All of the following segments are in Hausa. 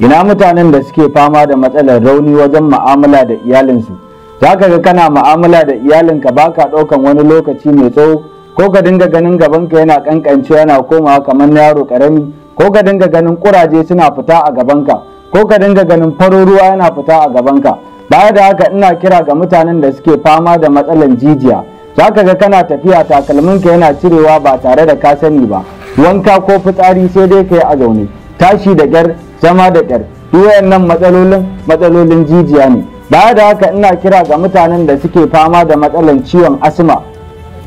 ina mutanen da suke fama da matsalar rauni wajen ma'amala da iyalinsu za ka ga kana ma'amala da iyalinka ba ka ɗaukan wani lokaci mai tsawo ko ka dinga ganin gabanka yana kankance yana komawa kamar yaro ƙarami ko ka dinga ganin ƙuraje suna fita a gabanka ko ka dinga ganin farin yana fita a gabanka baya da haka ina kira ga mutanen da suke fama da matsalar jijiya za ka ga kana tafiya takalminka yana cirewa ba tare da ka sani ba wanka ko fitsari sai dai ka yi a zaune tashi da ƙyar zama da ƙyar duk nan matsalolin matsalolin jijiya ne baya da haka ina kira ga mutanen da suke fama da matsalan ciwon asma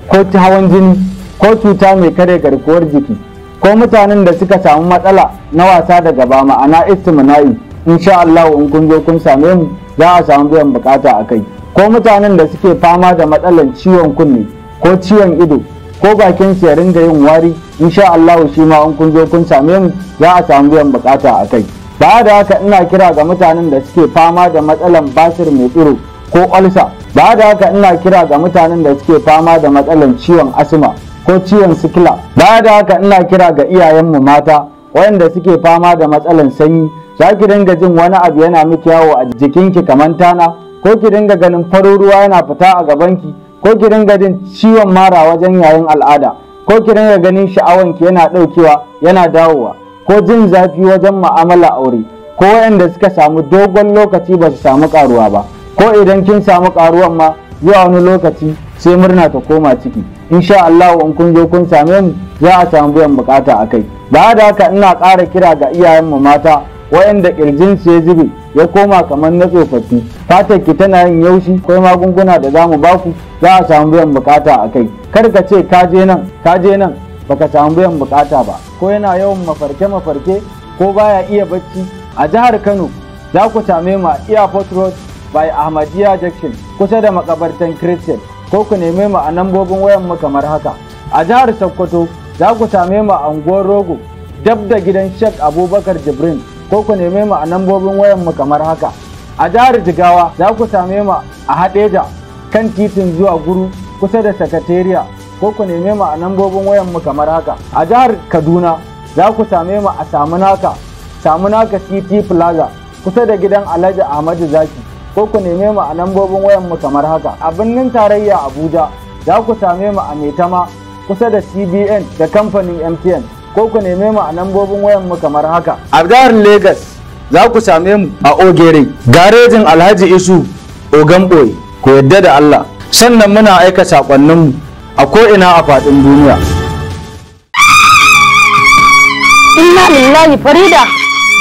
ko ta hawan jini ko cuta mai kare garkuwar jiki ko mutanen da suka samu matsala na wasa da gaba ma'ana istimna'i insha Allah in kun zo kun same mu za a samu biyan bukata a kai ko mutanen da suke fama da matsalan ciwon kunne ko ciwon ido ko bakin su ya ringa yin wari insha Allah shi ma in kun zo kun same mu za a samu biyan bukata a kai ba da haka ina kira ga mutanen da suke fama da matsalan basir mai tsiro ko olsa ba da haka ina kira ga mutanen da suke fama da matsalan ciwon asma ko ciwon sikila ba da haka ina kira ga iyayenmu mata waɗanda suke fama da matsalan sanyi za ki dinga jin wani abu yana miki yawo a jikinki kamar tana ko ki dinga ganin faruruwa yana fita a gabanki ko ki dinga jin ciwon mara wajen yayin al'ada ko ki dinga ganin sha'awan ki yana ɗaukewa yana dawowa ko jin zafi wajen mu'amala aure ko waɗanda suka samu dogon lokaci ba su samu karuwa ba ko idan kin samu karuwan ma zuwa wani lokaci sai murna ta koma ciki insha Allah in kun zo kun same mu za a samu biyan bukata akai ba da haka ina ƙara kira ga iyayen mu mata waɗanda kirjin su ya zube ya koma kamar na tsofaffi fatar ki tana yin yaushi akwai magunguna da zamu baku za a samu biyan bukata a kai kar ka ce ka je nan ka je nan baka samu biyan bukata ba ko yana yawan mafarke mafarke ko baya iya bacci a jihar Kano za ku same mu a Port Road by Ahmadiyya Junction kusa da makabartan Christian ko ku neme mu a nambobin wayan mu kamar haka a jihar Sokoto za ku same mu a unguwar Rogo dab da gidan Sheikh Abubakar Jibrin ko ku neme mu a nambobin wayan mu kamar haka a jihar jigawa za ku same mu a hadeja kan titin zuwa guru kusa da sakatariya ko ku neme mu a nambobin wayan mu kamar haka a jihar kaduna za ku same mu a samunaka samunaka city plaza kusa da gidan alhaji ahmadu zaki ko ku neme mu a nambobin wayan mu kamar haka a birnin tarayya abuja za ku same mu a maitama kusa da cbn da kamfanin mtn ko ku neme mu a lambobin wayan mu kamar haka. A jihar Legas za ku same mu a Ogere, garejin Alhaji Isu Ogamboy, ku yadda da Allah. Sannan muna aika mu a ko'ina a faɗin duniya. Inna lillahi Farida,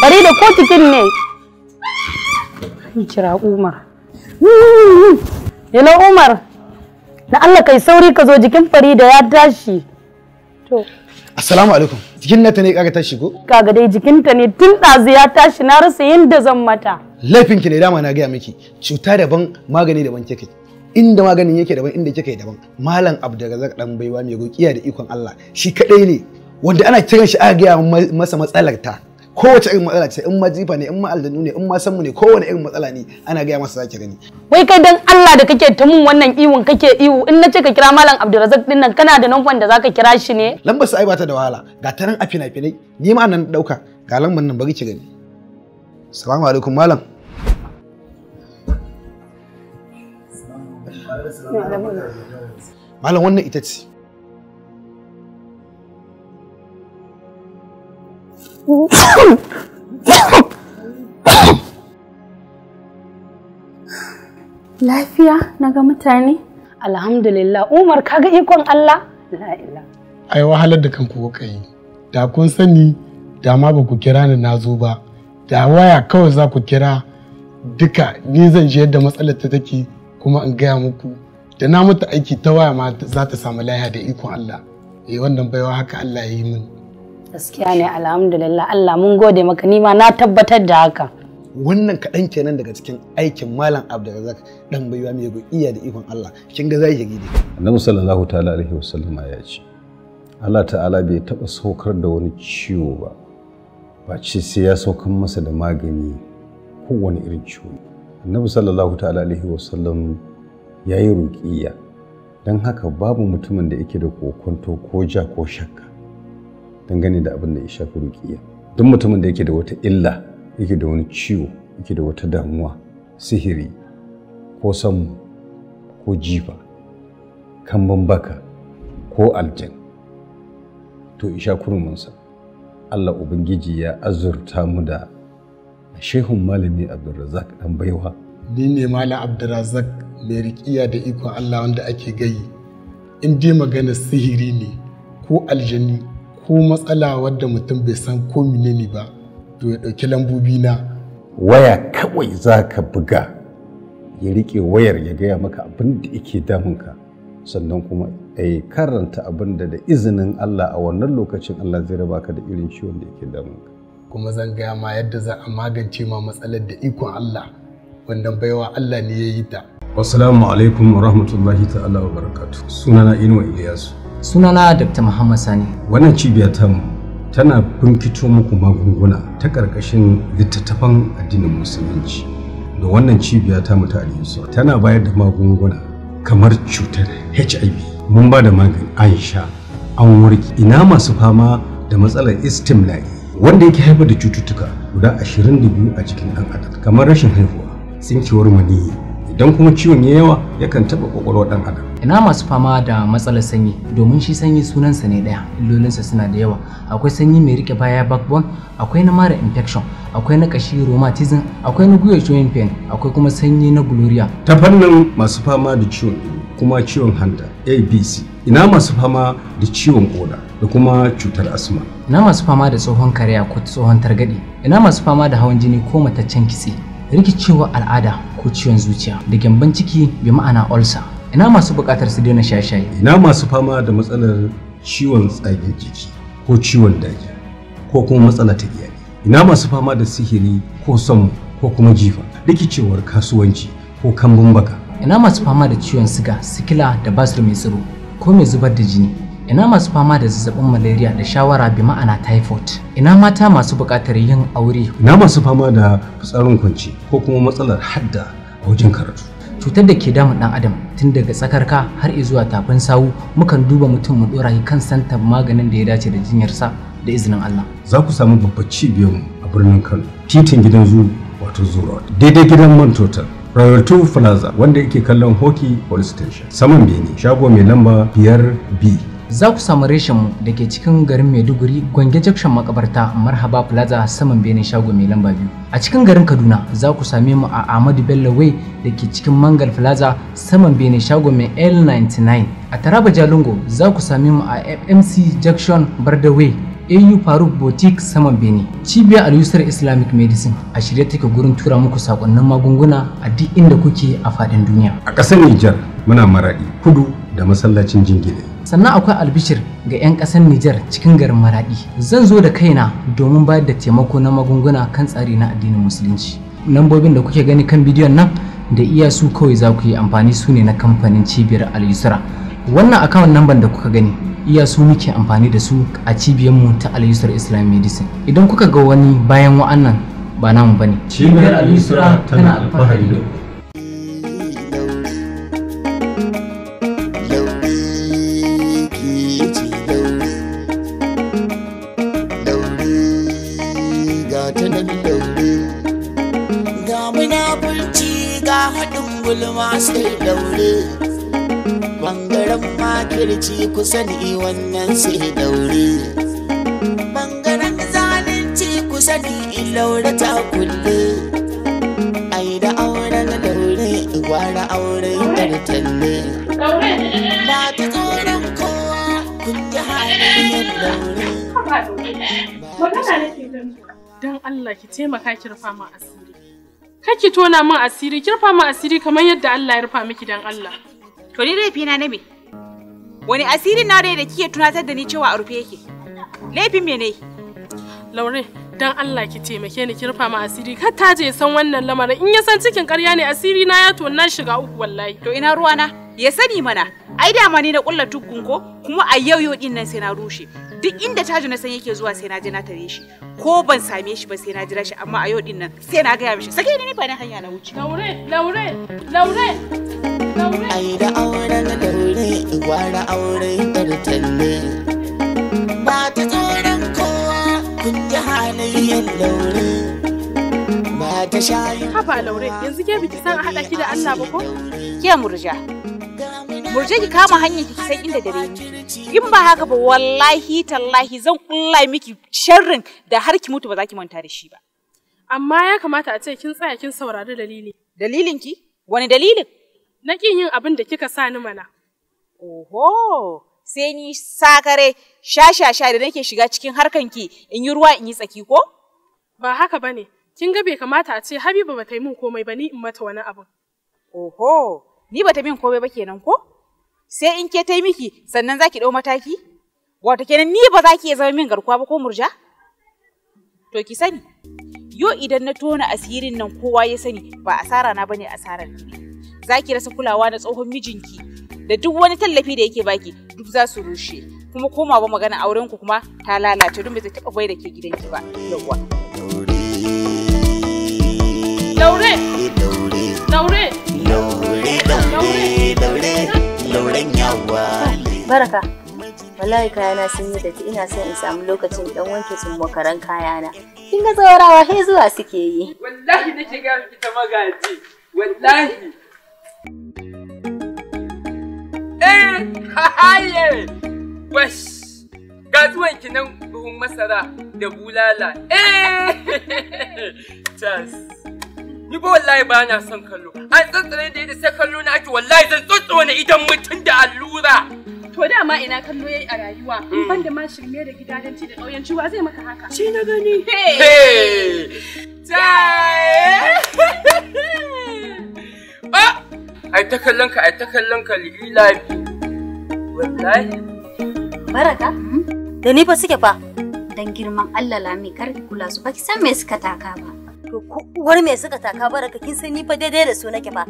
Farida ko titin ne? Kira Umar. Yana Umar, na Allah kai sauri ka zo jikin Farida ya tashi. To. Assalamu alaikum. Jikin ta ne kaga tashi ko? Kaga dai jikinta ne tun ɗazu ya tashi na rasa yadda zan mata. laifin ki ne dama na gaya miki. Cuta daban magani daban kike. Inda maganin yake daban inda kike daban. Malam Abdulrazak dan baiwa mai gokiya da ikon Allah. Shi kadai ne wanda ana kiran shi aka gaya masa matsalar ta. kowace irin matsala ce in ma jifa ne in ma aljanu ne in ma sanmu ne kowane irin matsala ne ana gaya masa zaki gani wai kai dan Allah da kake ta mun wannan iwon kake iwo in na ce ka kira malam Abdulrazak din nan kana da numban da zaka kira shi ne lambar sai bata da wahala ga ta afina a fina-finai ni ma nan dauka ga lambar nan bari ki gani assalamu alaikum malam malam wannan ita ce Lafiya na ga mutane? Alhamdulillah, Umar kaga ikon Allah? La'ila. Ai wahalar da kanku kuka yi. Da kun sani da ma ba ku kira ni na zo ba. Da waya kawai za ku kira duka ni zan ji yadda matsalar ta take kuma in gaya muku. Da na mutu aiki ta waya ma za ta samu lahiya da ikon Allah. Eh wannan baiwa haka Allah ya yi min. gaskiya ne alhamdulillah Allah mun gode maka nima na tabbatar da haka wannan kaɗan kenan daga cikin aikin malam abdulrazak dan baiwa mai iya da ikon Allah kin ga zai gidi annabi sallallahu ta'ala alaihi wasallam ya ce Allah ta'ala bai taba saukar da wani ciwo ba ba ce sai ya saukar masa da magani ko wani irin ciwo annabi sallallahu ta'ala alaihi wasallam ya yi dan haka babu mutumin da yake da kokonto ko ja ko shakka dangane da abin da ya shafi rukiya duk mutumin da yake da wata illa yake da wani ciwo yake da wata damuwa sihiri ko samu ko jifa kan baka ko aljan to isha kurminsa Allah Ubangiji ya azurta mu da shehun malami Abdulrazak dan baiwa ni ne malam Abdulrazak mai riƙiya da ikon Allah wanda ake gayi in dai maganar sihiri ne ko aljani ko matsala wadda mutum bai san ko ne ba to ya ɗauki lambobi na waya kawai za ka buga ya riƙe wayar ya gaya maka abin da yake damunka sannan kuma ya karanta abin da da izinin Allah a wannan lokacin Allah zai raba ka da irin ciwon da yake damunka kuma zan gaya ma yadda za a magance ma matsalar da ikon Allah wannan baiwa Allah ne ya yi ta. Assalamu alaikum wa rahmatullahi ta'ala wa barakatu. Sunana Inuwa Iliyasu. sunana dr muhammad sani wannan cibiya tamu tana bunkito muku magunguna ta ƙarƙashin littattafan addinin musulunci da wannan cibiya tamu ta aliyu tana bayar da magunguna kamar cutar hiv mun ba da magani an an warke ina masu fama da matsalar istimla'i wanda yake haifar da cututtuka guda 22 a cikin ɗan adam kamar rashin haihuwa tsinkewar maniyyi idan kuma ciwon ya yawa yakan taɓa ƙwaƙwalwar ɗan adam ina masu fama da matsalar sanyi domin shi sanyi sunansa ne ɗaya illolinsa suna da yawa akwai sanyi mai rike baya backbone akwai na mara infection akwai na ƙashi rheumatism akwai na gwiwa joint pain akwai kuma sanyi na gloria ta fannin masu fama da ciwon kuma ciwon hanta abc ina masu fama da ciwon koda da kuma cutar asma ina masu fama da tsohon karya ko tsohon targaɗe ina masu fama da hawan jini ko mataccen kitse rikicewa al'ada ko ciwon zuciya da gyamban ciki bi ma'ana olsa. ina masu buƙatar su daina shaye-shaye ina masu fama da matsalar ciwon tsagen jiki ko ciwon daji ko kuma matsala ta iyali ina masu fama da sihiri ko son ko kuma jifa rikicewar kasuwanci ko kambun baka ina masu fama da ciwon siga sikila da basir mai tsaro ko mai zubar da jini ina masu fama da zazzabin malaria da shawara bi ma'ana typhoid ina mata masu buƙatar yin aure ina masu fama da fitsarin kwanci ko kuma matsalar hadda a wajen karatu cutar da ke damun ɗan adam tun daga tsakarka har zuwa tafin sawu mukan duba mutum mu dora kan santar maganin da ya dace da jinyarsa da izinin Allah za ku samu babbar cibiyar a birnin Kano titin gidan zu wato zuro daidai gidan man total Royal Plaza wanda yake kallon Hockey Police Station saman Bene shago mai lamba 5B za ku samu reshenmu da ke cikin garin Maiduguri Gwange Junction makabarta Marhaba Plaza saman benin shago mai lamba biyu. A cikin garin Kaduna za ku same mu a Ahmadu Bello Way da ke cikin Mangal Plaza saman benin shago mai L99. A Taraba Jalingo za ku same mu a FMC Junction Barda Way AU Faruk Boutique saman Benin. Cibiyar al Islamic Medicine a shirye take gurin tura muku sakonnin magunguna a duk inda kuke a faɗin duniya. A ƙasar Nijar muna maraɗi kudu da masallacin jingine. sannan akwai albishir ga 'yan ƙasar Nijar cikin garin Maraɗi. Zan zo da kaina domin bayar da taimako na magunguna kan tsari na addinin Musulunci. Nambobin da kuke gani kan bidiyon nan da iya su kawai za ku yi amfani su ne na kamfanin cibiyar Al-Yusra. Wannan akawun namban da kuka gani iya su muke amfani da su a cibiyar mu ta Al-Yusra Islam Medicine. Idan kuka ga wani bayan wa'annan ba namu bane. Cibiyar Al-Yusra tana alfahari da haɗin gulma sai daure bangaren makirci kusan wannan sai daure bangaren zalunci kusan laure ta kulle ai da auren daure gwara auren tartalle ba ta tsoron kowa kun ji halayen daure don Allah ki taimaka ki rufa ma asiri ki tona min asiri kirfa min asiri kamar yadda Allah ya rufa miki dan Allah to ni laifi na me wani asiri na dai da kike tunatar da ni cewa a rufe yake laifin me ne laure dan Allah ki taimake ni kirfa ma asiri kar ta je san wannan lamarin in ya san cikin ƙarya ne asiri na ya tona shiga uku wallahi to ina ruwana ya sani mana ai dama ne na kulla tuggun ko kuma a yau yau din nan sai na rushe duk inda taji na san yake zuwa sai na je na tare shi ko ban same shi ba sai na jira shi amma a yau din nan sai na gaya mishi sake ni ba na hanya na wuce laure laure laure ai da na laure gwara da tanne ba ta tsoron kowa kun ji halayen laure ba ta shayi haba laure yanzu ke biki san a haɗa ki da Allah ba ko ke murja Murje ki kama hanyar ki san inda dare ni. In ba haka ba wallahi tallahi zan kulla miki sharrin da har ki mutu ba za ki manta da shi ba. Amma ya kamata a ce kin tsaya kin saurari dalili. Dalilin ki? Wani dalilin? Na kin yin abin da kika sa ni mana. Oho, sai ni sakare shashasha da nake shiga cikin harkan ki in yi ruwa in yi tsaki ko? Ba haka bane. Kin ga bai kamata a ce Habiba ba ta yi min komai ba ni in mata wani abu. Oho, ni bata min komai ba kenan ko sai in ke ta yi miki sannan za ki ɗau mataki wato kenan ni ba za ki iya zama min garkuwa ba ko murja to ki sani yo idan na tona asirin nan kowa ya sani ba asara na bane asarar ki za ki rasa kulawa na tsohon mijinki da duk wani tallafi da yake baki duk za su rushe kuma koma ba magana auren ku kuma ta lalace don bai taba bai da ke gidanki ba yawwa daure daure daure laure daure daure lauren yawa baraka wallahi kayana sun yi datti ina son in samu lokacin dan wanke sun makaran kayana kin ga tsawarawa he zuwa suke yi wallahi nake ga miki ta magaji wallahi eh haye wash ga zuwan ki nan buhun masara da bulala eh tas Ni ba wallahi ba na son kallo. An tsantsare da yadda sai kallo na ake wallahi zan wani idan mutum da allura. To dama ina kallo yayi a rayuwa, hmm. ban da ma shirme da ci da kauyen ciwa zai maka haka. Shi na gani. Tai. Ba! Ah! Ai ta kallon ka, ai ta kallon ka lila Wallahi. Baraka, hmm? da ni ba suke fa. Dan girman Allah lami kar ki kula su ba ki san me suka taka ba. To ko uwar me suka taka baraka kin san ni fa daidai da su nake fa.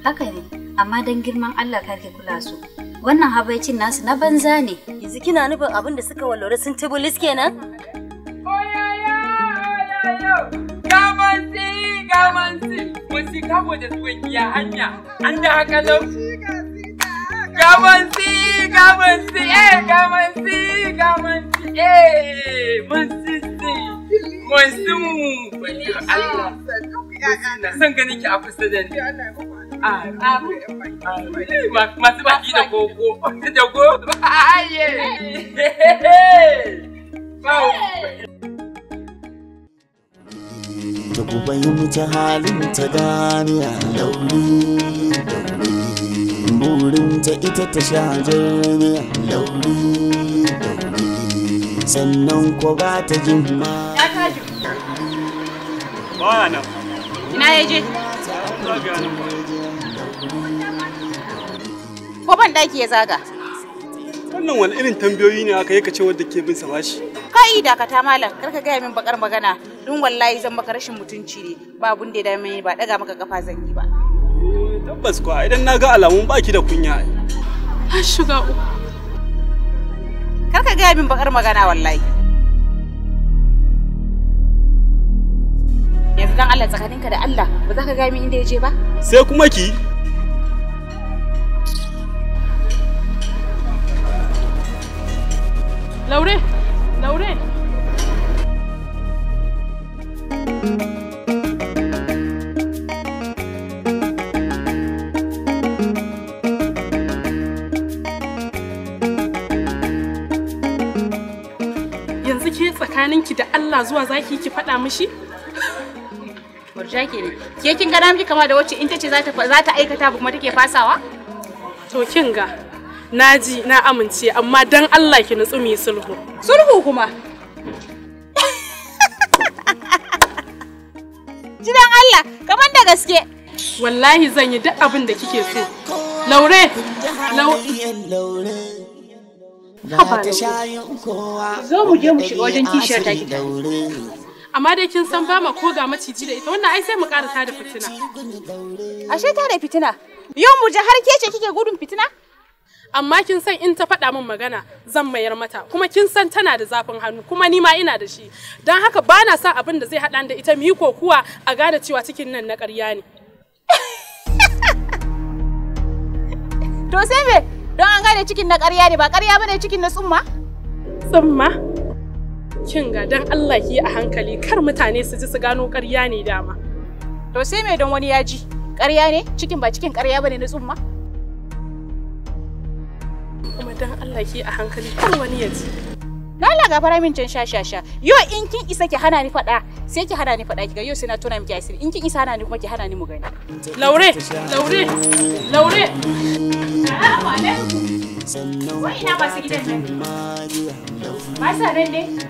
Haka ne, amma dan girman Allah kake kula su. Wannan habaicin nasu na banza ne. Yanzu kina nufin abin da suka wallore sun tibulis kenan? Oh, gamansi, gamansi, wasu kamo da tsokiya hanya, an da haka lau. Gamansi, gamansi, eh, gamansi, gamansi, eh, mansi, Monsinmu, wani Allah, son ganin ki a kusa da ni. Ah, ah. Masu baki da gogo, da gogo, aye! Da ku fahimci halin ta gane a lauri, burin ta ita ta sha jirgin lauri, sannan ko ba ta jin ma. Baya nan. Ina ya je? Ko ban ɗaki ya zaga? Wannan wani irin tambayoyi ne aka yi ka ce wadda ke bin sa bashi. Kai dakata malam, kar ka gaya min bakar magana, don wallahi zan maka rashin mutunci ne, ba abun da ya dame ba daga maka kafa zan yi ba. Eh, tabbas kuwa idan na ga alamun baki da kunya. An shiga uku. Kar ka gaya min bakar magana wallahi. yanzu dan Allah tsakaninka da Allah ba za ka gami inda ya je ba sai kuma ki Laure Laure Yanzu ke tsakaninki da Allah zuwa zaki ki faɗa mishi? ke ne ke kin ga namiji kama da wacce in tace za ta za ta aikata ba kuma take fasawa to kin ga naji na amince amma dan Allah ki nutsu mi sulhu sulhu kuma jidan Allah kaman da gaske wallahi zan yi duk abin da kike so laure laure zo mu je mu shiga wajen kishiyar ta gida. amma dai kin san ba ma ko ga maciji da ita wannan ai sai mu karata da fitina ashe ta da fitina yau mu har ke ce kike gudun fitina amma kin san in ta faɗa min magana zan mayar mata kuma kin san tana da zafin hannu kuma ni ma ina da shi don haka ba na san abin da zai haɗa da ita mu yi kokuwa a gane cewa cikin nan na ƙarya ne to sai me don an gane cikin na ƙarya ne ba ƙarya bane cikin na tsumma tsumma kin ga dan Allah ki a hankali kar mutane su ji su gano ƙarya ne dama to sai me don wani ya ji ƙarya ne cikin ba cikin ƙarya bane na tsumma kuma dan Allah ki a hankali kar wani ya ji Allah ga fara min can sha sha sha yo in kin isa ki hana ni faɗa sai ki hana ni faɗa ki ga yo sai na tona miki asiri in kin isa hana ni kuma ki hana ni mu gani Laure Laure Laure Assalamu ne? Wai ina masu ne?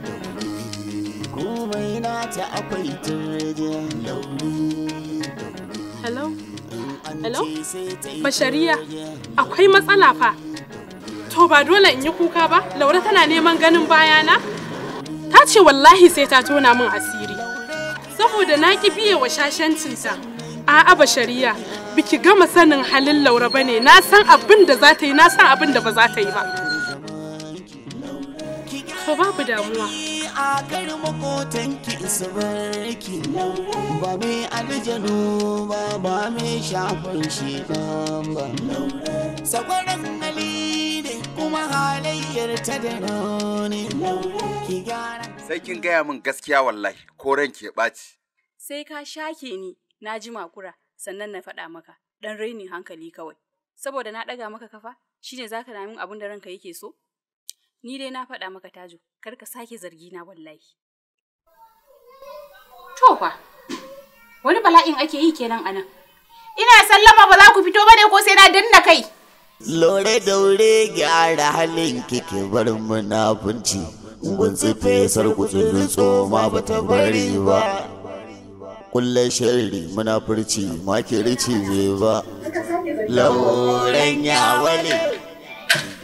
akwai Hello? Hello? akwai matsala fa. To ba dole in yi kuka ba, Laura tana neman ganin bayana? Ta ce wallahi sai ta tona min asiri. Saboda na ki biye wa shashancinta. A'a Bashariya, biki gama sanin halin laura ba ne na san abin da za ta yi na san abin da ba za ta yi ba ko babu damuwa a kai makotanki su barki ba me aljanu ba ba me shafar shi ba sakwaran ali ne kuma halayyar ta da rauni ki gara sai kin gaya min gaskiya wallahi ko ranki ya ɓaci sai ka shake ni na ji makura sannan na faɗa maka ɗan rainin hankali kawai saboda na ɗaga maka kafa shine zaka namin abun abin da ranka yake so ni dai na faɗa maka tajo kar ka sake zargi na wallahi to fa wani bala'in ake yi kenan anan ina sallama ba za ku fito ba ne ko sai na danna kai lore daure gyara halin kike bar munafunci gun tsufe sarkutsun tsoma ba ta bari ba kullai muna shari munafurci rici ne ba lauren ya wale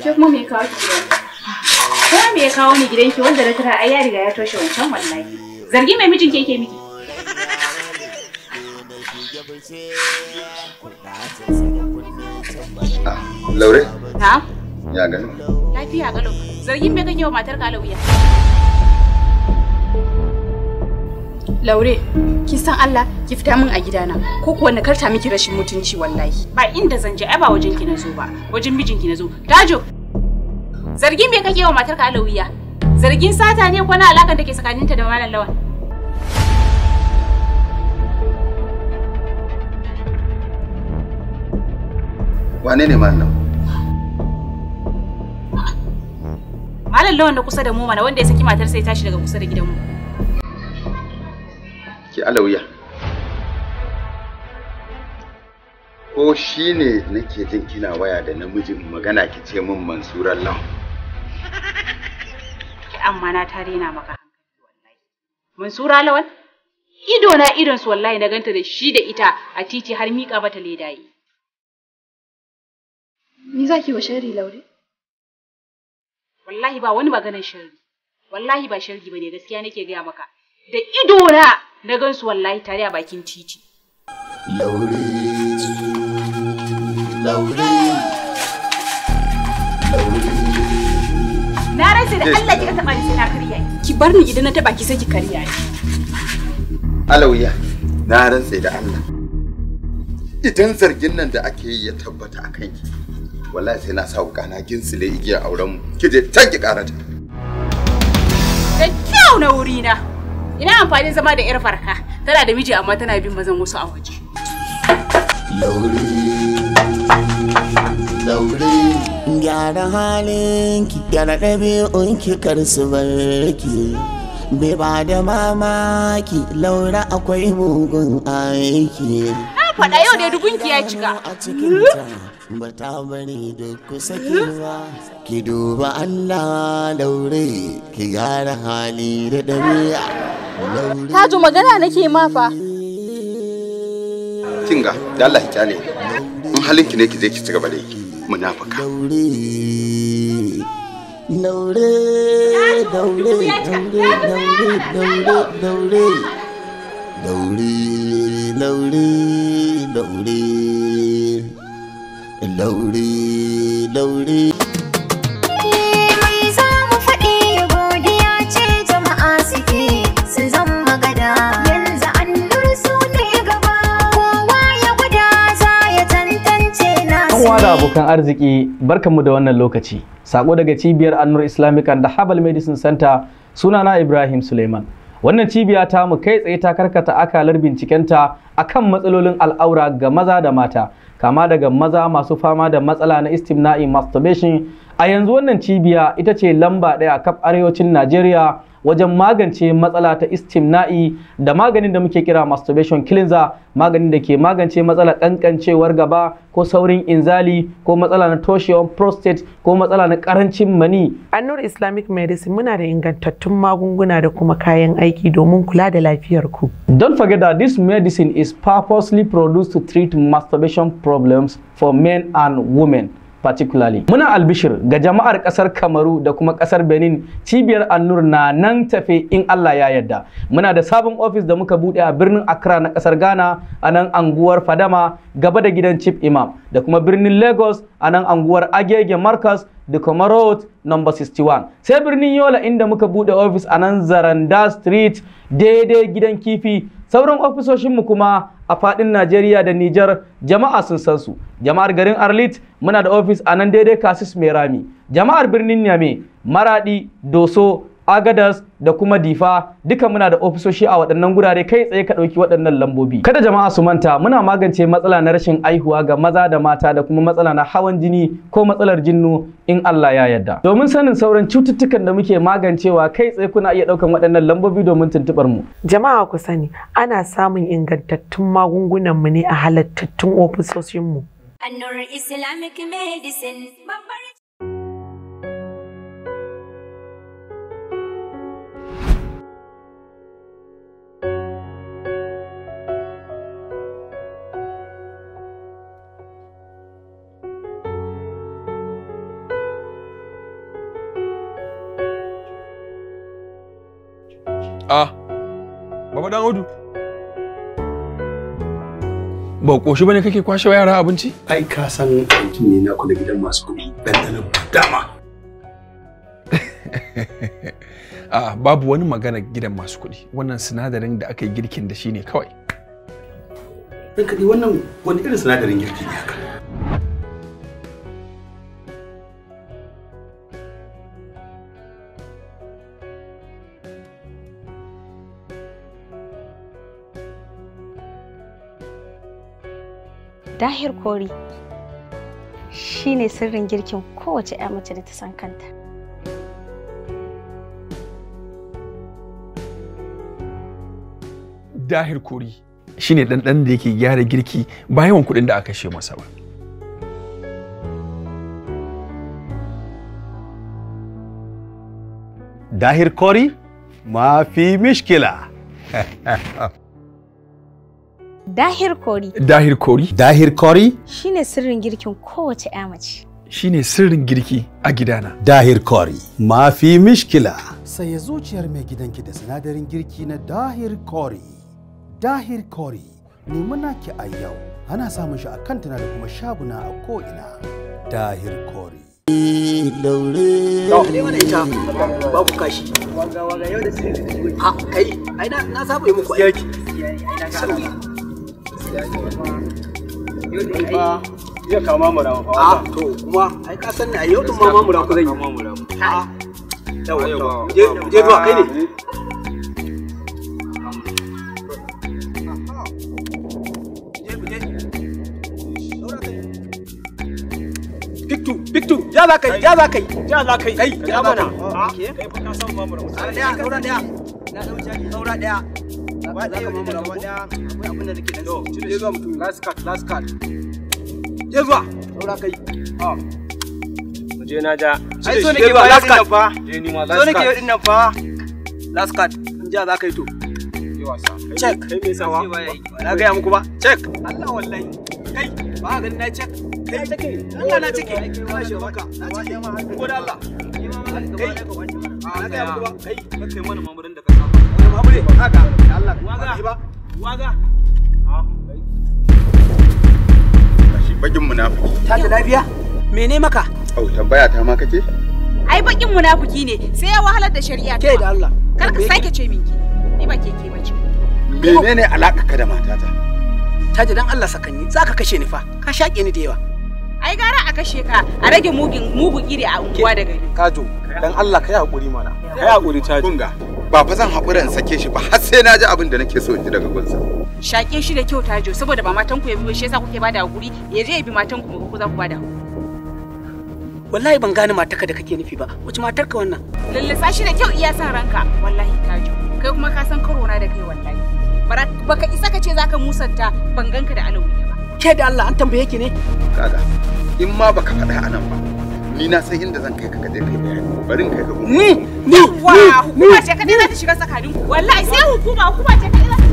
shi kuma me kawo kuma me kawo ni gidanki wanda na tara ai ya riga ya toshe wancan wallahi zargi mai mijin ke yake miki ah, Laure? Ha? Ya gano? Lafiya galo. Zargin me kake wa matar ka lauya? Laure, kin san Allah ki fita min a gidana ko kuwa na karta miki rashin mutunci wallahi. Ba inda zan je ai ba wajen ki na zo ba, wajen mijin ki na zo. Dajo. Zargin me kake wa matarka Alawiya? Zargin sata ne ko na alakan da ke tsakaninta da Malam Lawan? Wane ne Malam? Malam Lawan na kusa da mu mana wanda ya saki matarsa ya tashi daga kusa da gidanmu. alawiya ko shi ne nake jin kina waya da namijin magana ki ce min mansuran lam amma na tare na maka hankali mansura lawal ido na idon su wallahi na ganta da shi da ita a titi har mika mata ledaye ni zaki wa shari laure wallahi ba wani maganar shari wallahi ba shari bane gaskiya nake gaya maka da idona na gansu wallahi tare a bakin titi. Laure, laure, laure. Na rasa da Allah kika taɓa ni sai na karya ki. bar ni idan na taɓa ki sai ki karya ni. Alawiya, na rantse da Allah. Idan zargin nan da ake yi ya tabbata a kanki, wallahi sai na sa wuka na a wurin aurenmu. Ki je can ki karata. Da kyau na wurina. Ina amfani zama da 'yar farka, tana da miji amma tana bin mazan wasu a waje. Lauri, lauri. Gyara halinki, gyara ɗabi'unki kar su barki. Bai ba da mamaki, Laura akwai mugun aiki. Na faɗa yau da dugunki ya cika. bata bari da ku sakewa ki duba Allah laure ki gara hali da dariya Taju magana nake ma fa Kinga da Allah ki kyale in ki ne ki je ki gaba da yi munafika laure laure daure daure daure daure daure daure daure lauri lauri eh, uwa da abokan arziki barkanmu da wannan lokaci saƙo daga cibiyar annur islamic and habal medicine center sunana ibrahim suleiman wannan cibiya ta mu kai tsaye ta karkata akalar bincikenta akan matsalolin al'aura ga maza da mata kama daga maza masu fama da matsala na istimna'i masturbation a yanzu wannan cibiya ita ce lamba ɗaya a kaf arewacin najeriya wajen magance matsala ta istimna'i da maganin da muke kira masturbation cleanser maganin da ke magance matsala kankancewar gaba ko saurin inzali ko matsala na toshewar prostate ko matsala na karancin mani nur islamic medicine muna da ingantattun magunguna da kuma kayan aiki domin kula da lafiyar ku don't forget that this medicine is purposely produced to treat masturbation problems for men and women particularly muna albishir ga jama'ar kasar kamaru da kuma kasar benin cibiyar annur na nan tafe in allah ya yadda. muna da sabon ofis da muka bude a birnin accra na kasar ghana a nan anguwar fadama gaba da gidan chief imam da kuma birnin lagos a nan anguwar agege marcus the kuma no 61 sai birnin yola inda muka bude ofis a nan zaranda street daidai gidan kifi sauran ofisoshinmu kuma a fadin Najeriya da Nijar jama'a sun san su jama'ar garin Arlit muna da ofis a nan daidai Kasis Merami jama'ar birnin Niamey Maradi Doso agadas da kuma difa duka muna da ofisoshi a waɗannan gurare kai tsaye ka ɗauki waɗannan lambobi kada jama'a su manta muna magance matsala na rashin aihuwa ga maza da mata da kuma matsala na hawan jini ko matsalar jinnu in Allah ya yarda domin sanin sauran cututtukan da muke magancewa kai tsaye kuna iya ɗaukan waɗannan lambobi domin tuntuɓar mu jama'a ku sani ana samun ingantattun magungunan mu ne a halattattun ofisoshin mu Annur Islamic Medicine Baba dan Audu. Ba koshi bane kake kwashe yara abinci? Ai ka san aikin ne na kula gidan masu kuɗi dandanan dama. a babu wani magana gidan masu kuɗi wannan sinadarin da aka yi girkin da shi ne kawai. Ɗan kaɗi wannan wani irin sinadarin girki ne haka? Dahir Kori shine sirrin girkin kowace 'ya mace da ta san kanta. Dahir Kori shine ɗanɗan da yake gyara girki bayan kuɗin da aka she masa ba. Dahir Kori ma fi mishkila. Dahir kori. Dahir kori. Dahir kori. Shine sirrin girkin kowace ƴa mace. Shine sirrin girki a gidana. Dahir kori. Ma fi mishkila. Saye zuciyar mai gidanki da sinadarin girki na dahir kori. Dahir kori. Nemi naki a yau. Ana samun shi a kan tana da kuma shaguna a ko'ina. Dahir kori. daure babu kashi waga waga yau da sirri ha kai ai na saba yi muku aiki ba ya kama mu da mafawa to kuma ai ka san a yau kuma ma mu da ku zai kama mu da ha yawa je je zuwa kai ne Biktu, Biktu, ya za kai, ya za kai, ya za kai, kai, ya mana. Kai fa ka san mamu da. Daya, saura daya. Na dau jari, saura daya. gaba ɗaya last kai check kai me sawa na ga muku ba check Allah wallahi kai ba ga na check kai take Allah na cike ba shi maka na cike ko da Allah kai a ga muku ba kai kai mana mamurin da Amure, bakin da lafiya? maka? ta ma bakin wahalar da shari'a. ba Menene alaka ka da matata? Ta ji dan Allah sakanni, za ka kashe ni fa. Ka shaƙe ni da yawa. ai gara a kashe ka a rage mugun mugun iri a unguwa da gari kajo dan Allah kai hakuri mana kai hakuri ta kunga ba fa zan haƙura in sake shi ba har sai na ji abin da nake so in ji daga gunsa. Shaƙe shi da kyau tajo saboda ba matan ku ya biyo shi yasa kuke bada guri ya je ya bi matan ku ku za ku bada. Wallahi ban gane matarka da kake nufi ba wace matarka wannan. Lallasa shi da kyau iya san ranka wallahi tajo kai kuma ka san karona da kai wallahi. Baka isa ka ce zaka musanta ban ganka da alawiya ba. Ke da Allah an tambaye ki ne? Kaga in ma baka faɗa anan ba ni na san inda zan kai ka kaje kai bayani bari in kai ka ni ni wa hukuma ce kadai za ta shiga tsakanin wallahi sai hukuma hukuma ce kadai za ta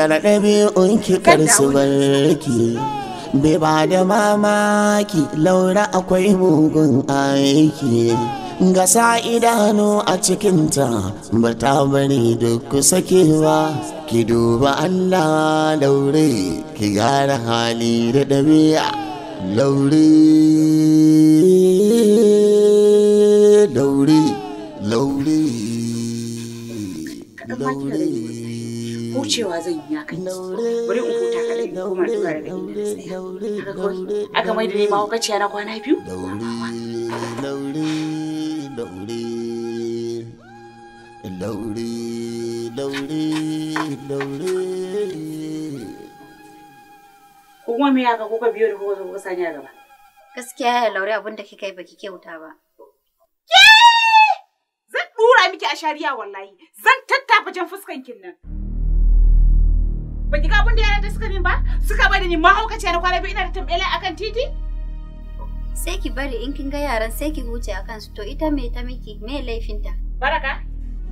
gyara ɗabi'un ki kar su barki bai ba da mamaki laura akwai mugun aiki ga sa idanu a cikinta ba ta bari duk kusa kewa ki duba allah laure ki gara hali da ɗabi'a laure laure laure laure wucewa yi bari in huta kaɗai in koma tura daga inda na tsaya haka aka mai da ni mahaukaciya na kwana biyu ko kuma me aka kuka biyo da kuka zo kuka sani gaba gaskiya ya laure abin da kika yi baki kyauta ba zan dura miki a shari'a wallahi zan tattafa jan fuskan kin nan Ba ki ga abin da yaran suka min ba? Suka bari ni mahaukaciya na kwana biyu ina da tambele akan titi? Sai ki bari in kin ga yaran sai ki huce a kansu to ita me ta miki me laifinta? Baraka,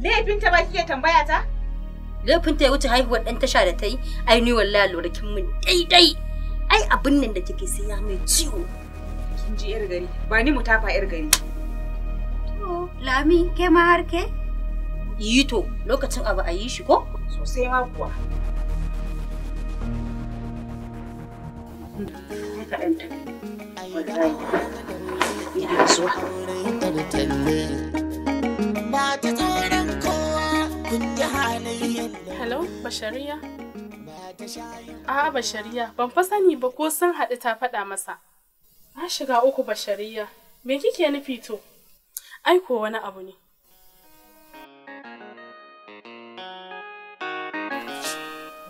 laifinta ba kike tambaya ta? Laifinta ya wuce haihuwar ɗan tasha da ta yi, ai ni wallahi lura kin mun daidai. Ai abin nan da kike sai ya mai ciwo. Kin ji yar gari, ba ni mu tafa yar gari. To, Lami, ke ma har ke? Yi to, lokacin abu a yi shi ko? Sosai ma kuwa. Ina Hello, Bashariya? A'a Bashariya, ban fa sani ba ko sun haɗu ta faɗa masa. Na shiga uku Bashariya, me kike nufi to? Ai ko wani abu ne.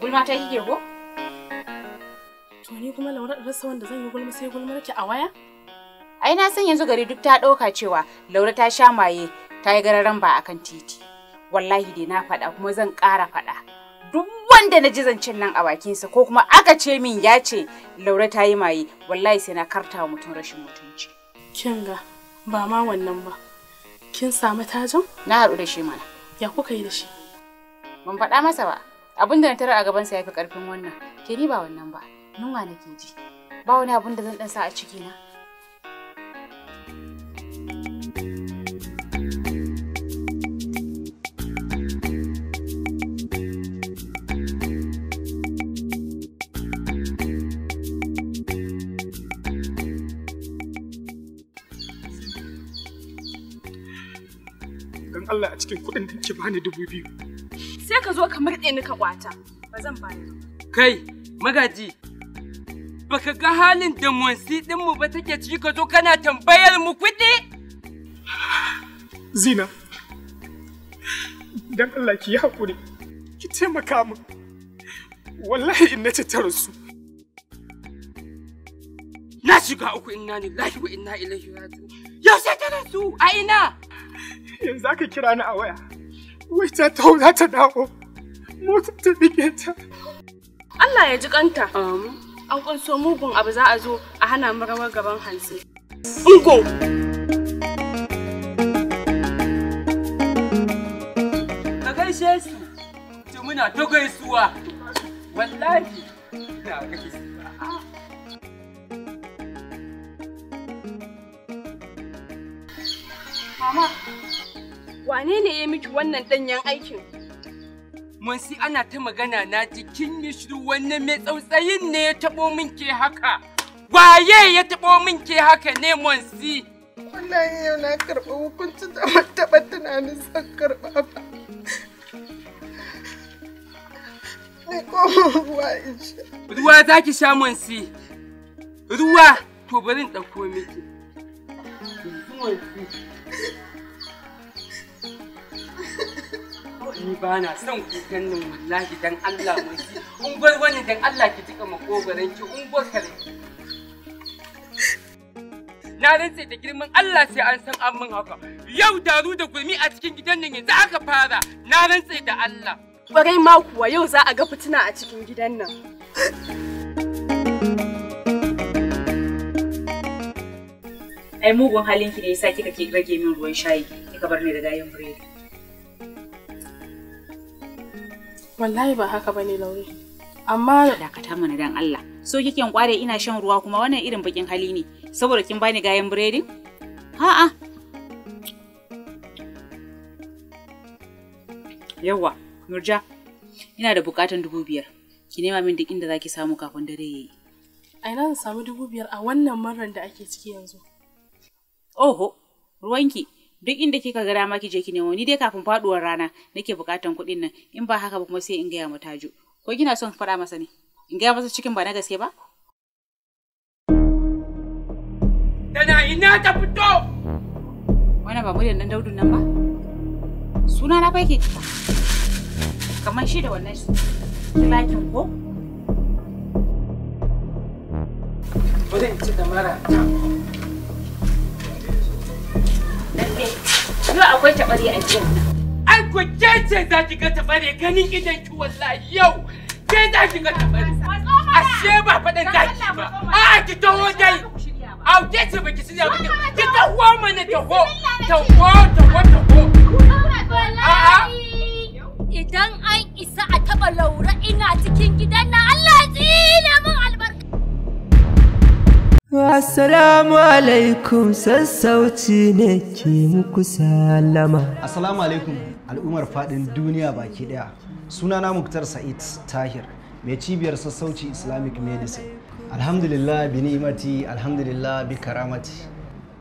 Gulma ta kike ko? To ni kuma Laura rasa wanda zan yi gulma sai gulma nake a waya? Ai na san yanzu gari duk ta ɗauka cewa Laura ta sha maye ta yi gararan ba akan titi. Wallahi dai na faɗa kuma zan ƙara faɗa. Duk wanda na ji zancen nan a bakinsa ko kuma aka ce min ya ce Laura ta yi maye wallahi sai na karta mutum rashin mutunci. Kin ga ba ma wannan ba. Kin samu tajin? Na haɗu da shi mana. Ya kuka yi da shi? Ban faɗa masa ba. Abin da na tara a gabansa ya fi ƙarfin wannan. Ke ni ba wannan ba. na nake ji. Ba wani abun da zan ɗan sa a ciki na. Allah a cikin kuɗin da ke bani dubu biyu. Sai ka zo ka murɗe ni ka kwata, ba zan bayar. Kai, magaji, baka ga halin da monsi ɗinmu ba take ciki ka zo kana tambayar mu kuɗi? Zina, don Allah ki yi haƙuri, ki taimaka min. Wallahi in na tattara su. Na shiga uku inna lillahi wa inna ilaihi raji'un. Yaushe ta rasu a ina? Yanzu aka kira ni a waya. Wai ta taho za ta dawo. Motar ta bige ta. Allah ya ji kanta. Amin. an kunso mugun abu za a zo a hana mu rawar gaban hantsi. Ungo! Ka gaishe su, ci muna ta gaisuwa, wallahi na gaisuwa. Mama, wane ne ya miki wannan danyen aikin? mansi ana ta magana na ji kin yi shiru wannan mai tsautsayin ne ya taɓo min ke haka. Waye ya taɓo min ke haka ne Monsi? Wallahi yau na karɓi hukuncin da ban taɓa tunanin zan karɓa ba. Ni ko ruwa in sha. Ruwa za ki sha Monsi. Ruwa to bari in ɗauko miki. Monsi. ni ba na son ku nan wallahi dan Allah mai in bar wani dan Allah ki tuka makogaran ki in bar kare na rantse da girman Allah sai an san an min haka yau daru da gurmi a cikin gidan nan yanzu aka fara na rantse da Allah kwarai ma kuwa yau za a ga fitina a cikin gidan nan ai mugun halin ki da yasa kika ke rage min ruwan shayi kika bar ni da gayan biredi Wallahi ba haka bane Laure. Amma dakata mana dan Allah. So kike kware ina shan ruwa kuma wannan irin bakin hali ne. Saboda kin bani gayan biredin? A'a. Yawa, Nurja, ina da bukatun dubu biyar. Ki nema min duk inda zaki samu kafin dare yayi. A ina zan samu dubu biyar a wannan marar da ake ciki yanzu. Oho, ruwanki. duk inda kika ga dama kije ki nemo ni dai kafin faduwar rana nake bukatan kuɗin nan in ba haka ba kuma sai in gaya mu taju ko kina son faɗa masa ne in gaya masa cikin ba na gaske ba tana ina ta fito wannan ba muryar nan daudun nan ba suna na fa yake kika kamar shi da wannan lakin ko Bari in ci da mara ta. Yau akwai taɓari a jiya. Ai ko ke ce za ki ga tabare ganin idan ki wallahi yau. Ke za ki ga tabare. Ashe ba faɗin zaki ba. A'a ki taho dai. Au ke ce baki shirya ba ki taho mana taho. Taho taho taho. A'a. Idan an isa a taɓa laura ina cikin gidan na Allah tsina. Assalamu alaikum sassauci ne ke muku salama. Assalamu alaikum al'ummar faɗin duniya baki ɗaya. Sunana Muktar Sa'id Tahir, mai cibiyar sassauci Islamic Medicine. Alhamdulillah bi ni'imati, alhamdulillah bi karamati.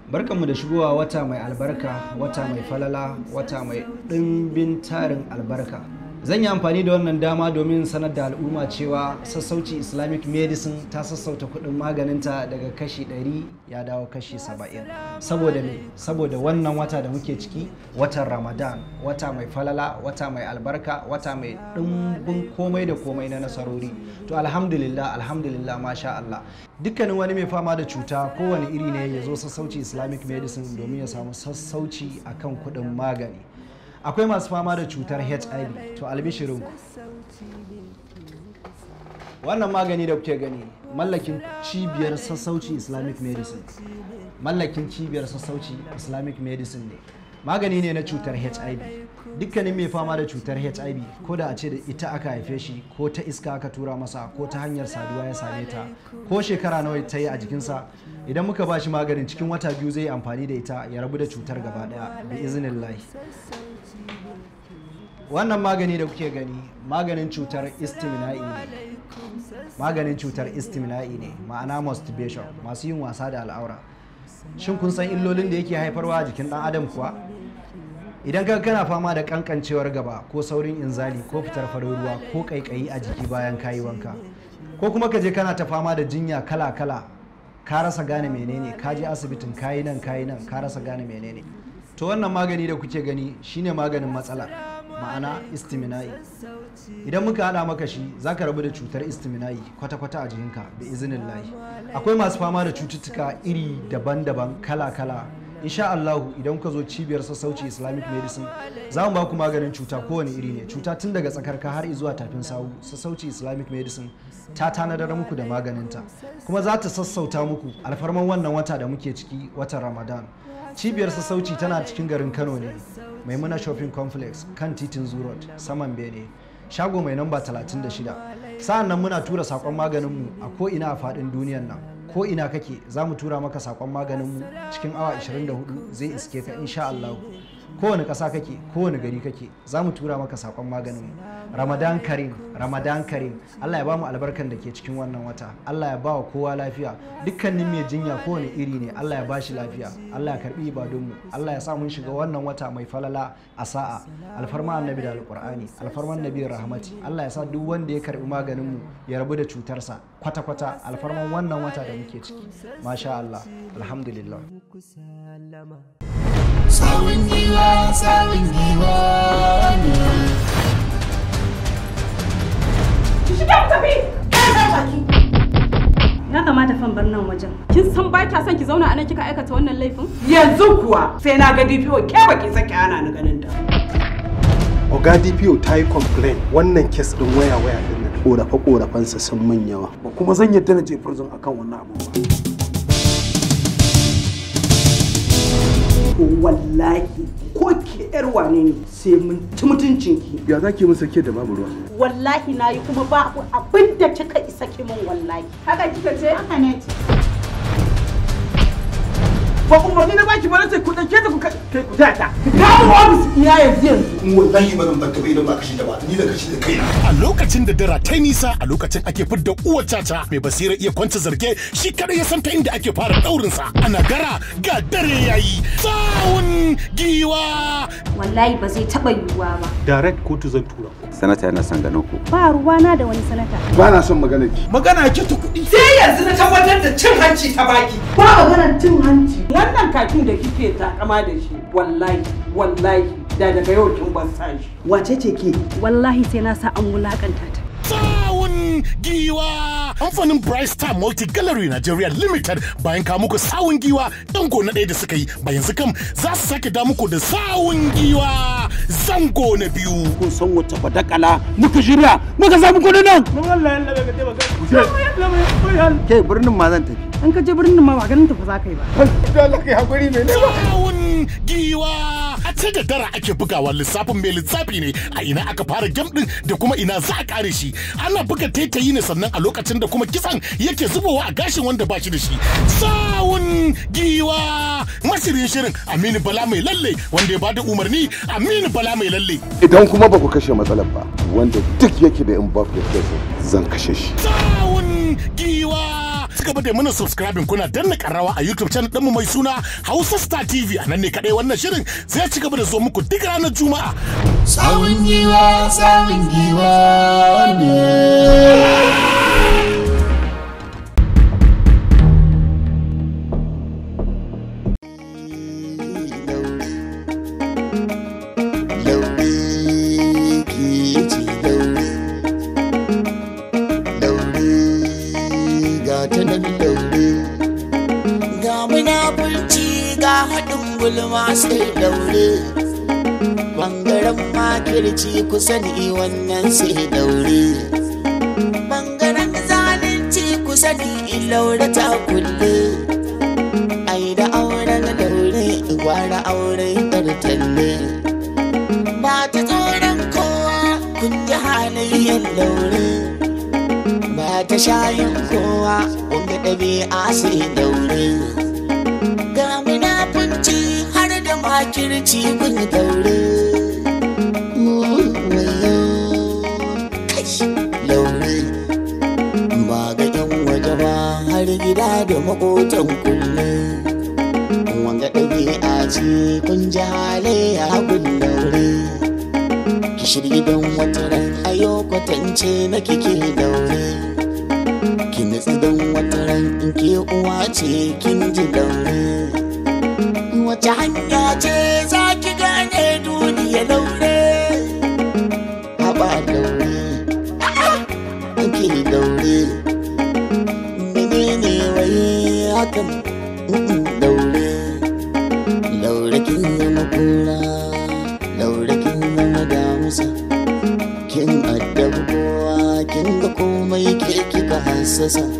Barkanmu da shigowa wata mai albarka, wata mai falala, wata mai ɗimbin tarin albarka. zan yi amfani da wannan dama domin sanar da al'umma cewa sassauci islamic medicine ta sassauta kuɗin maganinta daga kashi 100 ya dawo kashi 70 saboda ne, saboda wannan wata da muke ciki watan ramadan wata mai falala wata mai albarka wata mai ɗimbin komai da komai na nasarori to alhamdulillah alhamdulillah masha Allah dukkanin wani mai fama da cuta kowane iri ne ya zo sassauci islamic medicine domin ya samu sassauci akan kuɗin magani akwai masu fama da cutar hiv to albishirinku wannan magani da kuke gani mallakin cibiyar sassauci islamic medicine mallakin cibiyar sassauci islamic medicine ne magani ne na cutar hiv dukkanin mai fama da cutar hiv ko da a ce da ita aka haife shi ko ta iska aka tura masa ko ta hanyar saduwa ya same ta ko shekara nawa ta yi a jikinsa idan muka ba shi maganin cikin wata biyu zai amfani da ita ya rabu da cutar gaba daya bi izinin lahi wannan magani da kuke gani maganin cutar istimina'i ne maganin cutar istimina'i ne ma'ana masturbation masu yin wasa da al'aura shin kun san illolin da yake haifarwa a jikin dan adam kuwa idan ka kana fama da kankancewar gaba ko saurin inzali ko fitar farin ruwa ko kaikayi a jiki bayan kayi wanka ko kuma ka je kana ta fama da jinya kala kala ka rasa gane menene ka je asibitin kayi nan kayi nan ka rasa gane menene to wannan magani da kuke gani shine maganin matsala ma'ana istiminai idan muka hada maka shi za ka rabu da cutar istiminai kwata-kwata a jikinka bi izinin layi akwai masu fama da cututtuka iri daban-daban kala-kala insha Allah idan ka zo cibiyar sassauci Islamic Medicine za mu ba maganin cuta kowane iri ne cuta tun daga tsakar ka har zuwa tafin sawu sassauci Islamic Medicine ta tanadar muku da maganinta kuma za ta sassauta muku alfarman wannan wata da muke ciki watan Ramadan cibiyar sassauci tana cikin garin Kano ne Maimuna Shopping Complex kan titin Zurot saman Bene shago mai namba 36 sa'an nan muna tura saƙon maganinmu a ko ina a faɗin duniyar nan ko ina kake za mu tura maka sakon mu cikin awa 24 zai iske ka insha Allah kowane ƙasa kake kowane gari kake za mu tura maka sakon maganin ramadan karim ramadan karim allah ya ba mu albarkan da ke cikin wannan wata allah ya ba wa kowa lafiya dukkanin mai jinya kowane iri ne allah ya ba shi lafiya allah ya karbi ibadunmu allah ya sa mun shiga wannan wata mai falala a sa'a alfarma annabi da Alfarma alfarman nabi rahmati allah ya sa duk wanda ya karbi mu ya rabu da cutarsa kwata-kwata alfarman wannan wata da muke ciki masha allah alhamdulillah sawun giwa sawun giwa ne ta ya kamata fan bar nan wajen kin san ba kya son ki zauna anan kika aikata wannan laifin yanzu kuwa sai na ga DPO ke baki saki ana ni ganin ta Oga DPO ta yi complain wannan kes din waya waya din korafe sa sun manyawa ba kuma zan yadda na je prison akan wannan abu ba to wallahi ko ke yar wane ne sai mun ci mutuncin ki ya zaki mun sake da babu ruwa wallahi nayi kuma ba abin da kika isa ki mun wallahi haka kika ce haka ne ba umarni na baki ba nace ku dauke ta ku kai ku ta ku kawo ofis iya yanzu yanzu wallahi ba zan barka ba idan ba kashe da ba ni da kashe da kaina a lokacin da dara ta nisa a lokacin ake fidda uwar caca mai basira iya kwanta zarge shi kada ya san ta inda ake fara daurin sa ana gara ga dare yayi tsawon giwa wallahi ba zai taba yiwuwa ba direct ko kotu zan tura sanata yana son ganin ku ba ruwana da wani sanata ba na son magana ki magana ki ta kuɗi sai yanzu na tabbatar da cin hanci ta baki ba gana cin hanci wannan kakin da kike takama da shi wallahi wallahi da daga yau kin ban sa shi wace ce ke wallahi sai na sa an wulakanta ta giwa Amfanin bright star multi gallery nigeria limited bayan ka muku sawun giwa dango na ɗaya da suka yi ba yanzu kam za su sake da muku da sawun giwa zango na biyu kun san wata fadakala muka shirya muka samu kudin nan ke birnin ma zan tafi an ka je birnin ma ba ganin tafi za ka yi ba. Dole kai hakuri mai nema. Sawun giwa. a ce da dara ake bugawa lissafin mai lissafi ne a ina aka fara gem din da kuma ina za a kare shi ana buga taitayi ne sannan a lokacin da kuma kisan yake zubowa a gashin wanda ba shi da shi sawun giwa mashirin shirin aminu bala mai lalle wanda ya bada umarni aminu bala mai lalle idan kuma ba ku kashe matsalar ba wanda duk yake da in ba ku zan kashe shi sawun giwa gaba da mana subscribe kuna danna karawa a YouTube channel ɗinmu mai suna Hausa Star TV a nan ne kaɗai wannan shirin zai ci gaba da zo muku duk ranar Juma'a. Tsawon giwa, tsawon giwa ne. zalunci ku sani wannan sai daure bangaren zalunci ku sani laure ta kulle ai da auren daure gwara auren tartalle ba ta tsoron kowa kun ji halayen laure ba ta shayin kowa kun ga ɗabi'a sai daure kirci kun daure makotan kunne wanga a ce kun ji hale a kullure ki shirye don wata ran ayo kwatance na kike daure ki nutsu don wata ran in uwa ce kin ji daure wata hanya ce za ki gane duniya lau listen.